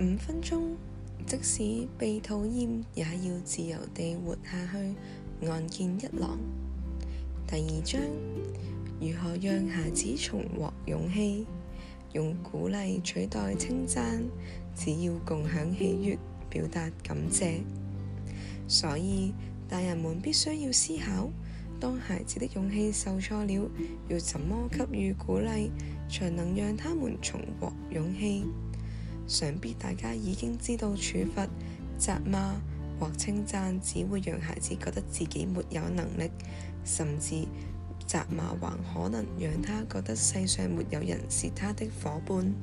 五分鐘，即使被討厭，也要自由地活下去。岸見一郎。第二章，如何讓孩子重獲勇氣？用鼓勵取代稱讚，只要共享喜悦，表達感謝。所以，大人們必須要思考：當孩子的勇氣受挫了，要怎麼給予鼓勵，才能讓他們重獲勇氣？想必大家已經知道，處罰、責罵或稱讚，只會讓孩子覺得自己沒有能力，甚至責罵還可能讓他覺得世上沒有人是他的伙伴。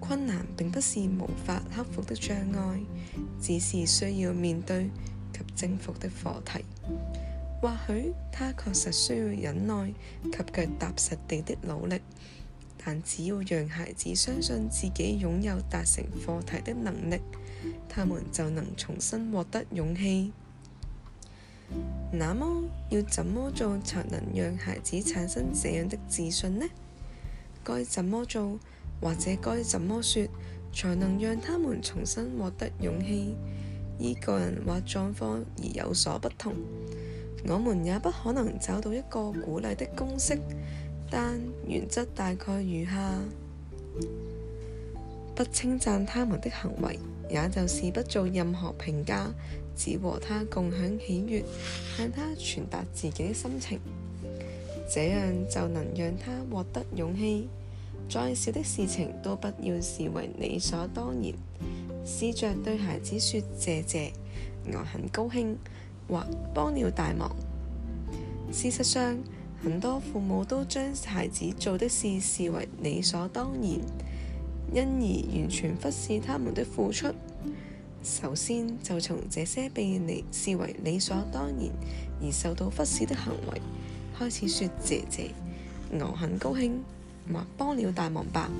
困難並不是無法克服的障礙，只是需要面對及征服的課題。或許他確實需要忍耐及腳踏實地的努力。但只要讓孩子相信自己擁有達成課題的能力，他們就能重新獲得勇氣。那麼，要怎麼做才能讓孩子產生這樣的自信呢？該怎麼做或者該怎麼說，才能讓他們重新獲得勇氣？依個人或狀況而有所不同，我們也不可能找到一個鼓勵的公式。但原則大概如下：不稱讚他們的行為，也就是不做任何評價，只和他共享喜悅，向他傳達自己的心情。這樣就能讓他獲得勇氣。再小的事情都不要視為理所當然，試着對孩子說：謝謝，我很高興，或幫了大忙。事實上。很多父母都將孩子做的事視為理所當然，因而完全忽視他們的付出。首先就從這些被你視為理所當然而受到忽視的行為開始說謝謝，我很高興或幫了大忙吧。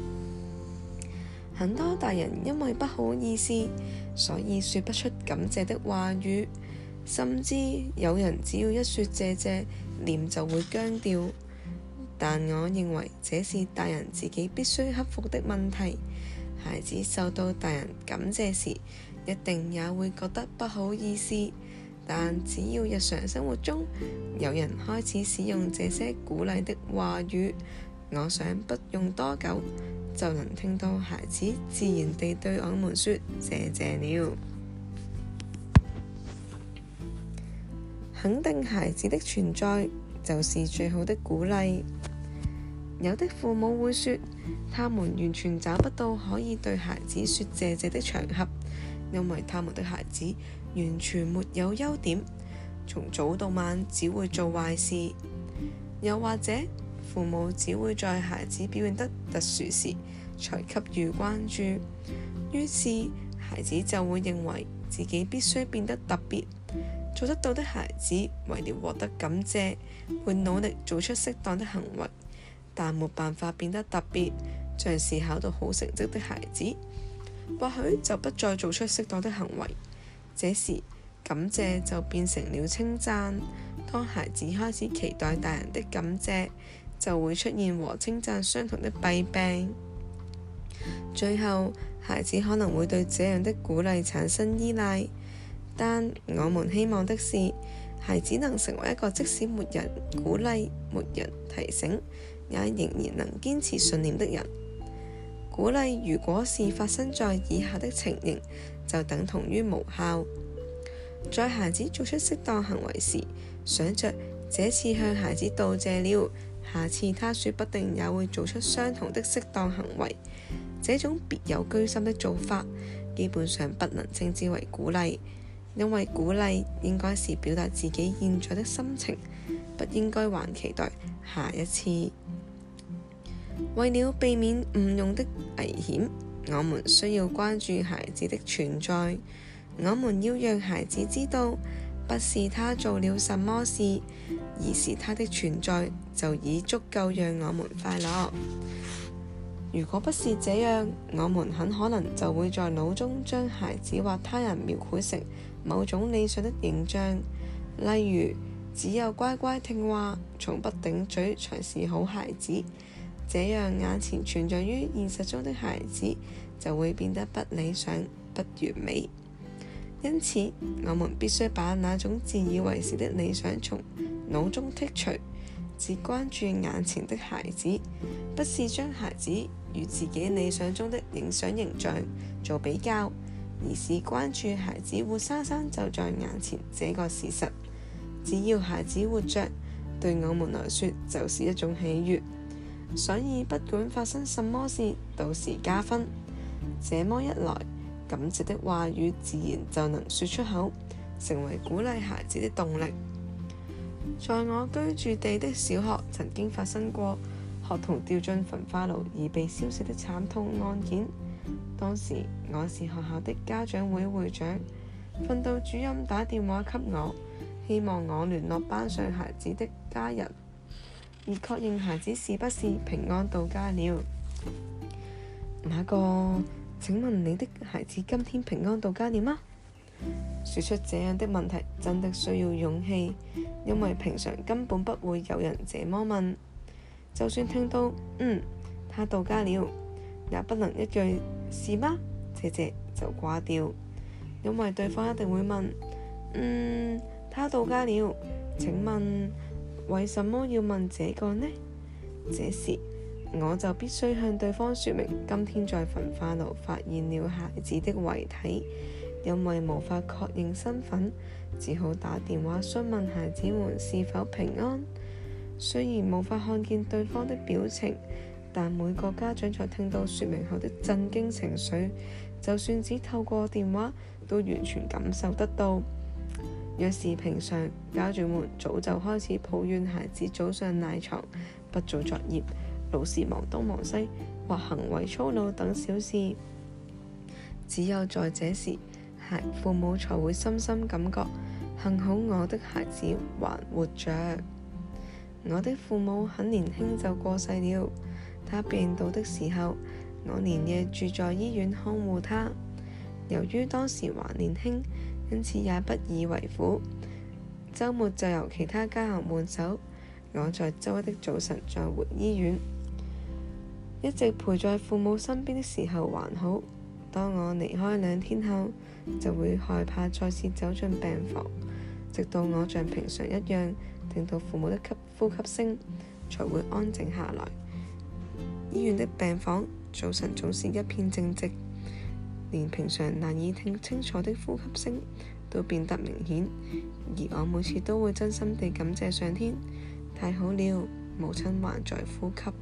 很多大人因為不好意思，所以說不出感謝的話語。甚至有人只要一說謝謝，臉就會僵掉。但我認為這是大人自己必須克服的問題。孩子受到大人感謝時，一定也會覺得不好意思。但只要日常生活中有人開始使用這些鼓勵的話語，我想不用多久就能聽到孩子自然地對我們說謝謝了。肯定孩子的存在就是最好的鼓勵。有的父母會說，他們完全找不到可以對孩子說謝謝的場合，因為他們的孩子完全沒有優點，從早到晚只會做壞事。又或者，父母只會在孩子表現得特殊時才給予關注，於是孩子就會認為自己必須變得特別。做得到的孩子，為了獲得感謝，會努力做出適當的行為，但沒辦法變得特別，像是考到好成績的孩子，或許就不再做出適當的行為。這時，感謝就變成了稱讚。當孩子開始期待大人的感謝，就會出現和稱讚相同的弊病。最後，孩子可能會對這樣的鼓勵產生依賴。但我們希望的是，孩子能成為一個即使沒人鼓勵、沒人提醒，也仍然能堅持信念的人。鼓勵如果是發生在以下的情形，就等同於無效。在孩子做出適當行為時，想着這次向孩子道謝了，下次他說不定也會做出相同的適當行為，這種別有居心的做法，基本上不能稱之為鼓勵。因為鼓勵應該是表達自己現在的心情，不應該還期待下一次。為了避免誤用的危險，我們需要關注孩子的存在。我們要讓孩子知道，不是他做了什麼事，而是他的存在就已足夠讓我們快樂。如果不是這樣，我們很可能就會在腦中將孩子或他人描繪成某種理想的形象，例如只有乖乖聽話、從不頂嘴才是好孩子，這樣眼前存在於現實中的孩子就會變得不理想、不完美。因此，我們必須把那種自以為是的理想從腦中剔除，只關注眼前的孩子，不是將孩子與自己理想中的理想形象做比較。而是關注孩子活生生就在眼前這個事實。只要孩子活着，對我們來說就是一種喜悦。所以不管發生什麼事，都是加分。這麼一來，感激的話語自然就能說出口，成為鼓勵孩子的動力。在我居住地的小學，曾經發生過學童掉進焚化爐而被燒死的慘痛案件。當時我是學校的家長會會長，訓導主任打電話給我，希望我聯絡班上孩子的家人，以確認孩子是不是平安到家了。那個，請問你的孩子今天平安到家了嗎？說出這樣的問題真的需要勇氣，因為平常根本不會有人這麼問。就算聽到嗯，他到家了，也不能一句。是嗎？謝謝，就掛掉。因為對方一定會問，嗯，他到家了。請問為什麼要問這個呢？這時我就必須向對方説明，今天在焚化爐發現了孩子的遺體，因為無法確認身份，只好打電話詢問孩子們是否平安。雖然無法看見對方的表情。但每個家長在聽到説明後的震驚情緒，就算只透過電話都完全感受得到。若是平常，家長們早就開始抱怨孩子早上賴床、不做作業、老是忙東忙西或行為粗魯等小事。只有在這時，孩子父母才會深深感覺，幸好我的孩子還活著。我的父母很年輕就過世了。他病倒的時候，我連夜住在醫院看護他。由於當時還年輕，因此也不以為苦。周末就由其他家客換手，我在周一的早晨再回醫院。一直陪在父母身邊的時候還好，當我離開兩天後，就會害怕再次走進病房。直到我像平常一樣聽到父母的吸，呼吸聲，才會安靜下來。醫院的病房早晨總是一片靜寂，連平常難以聽清楚的呼吸聲都變得明顯，而我每次都會真心地感謝上天，太好了，母親還在呼吸。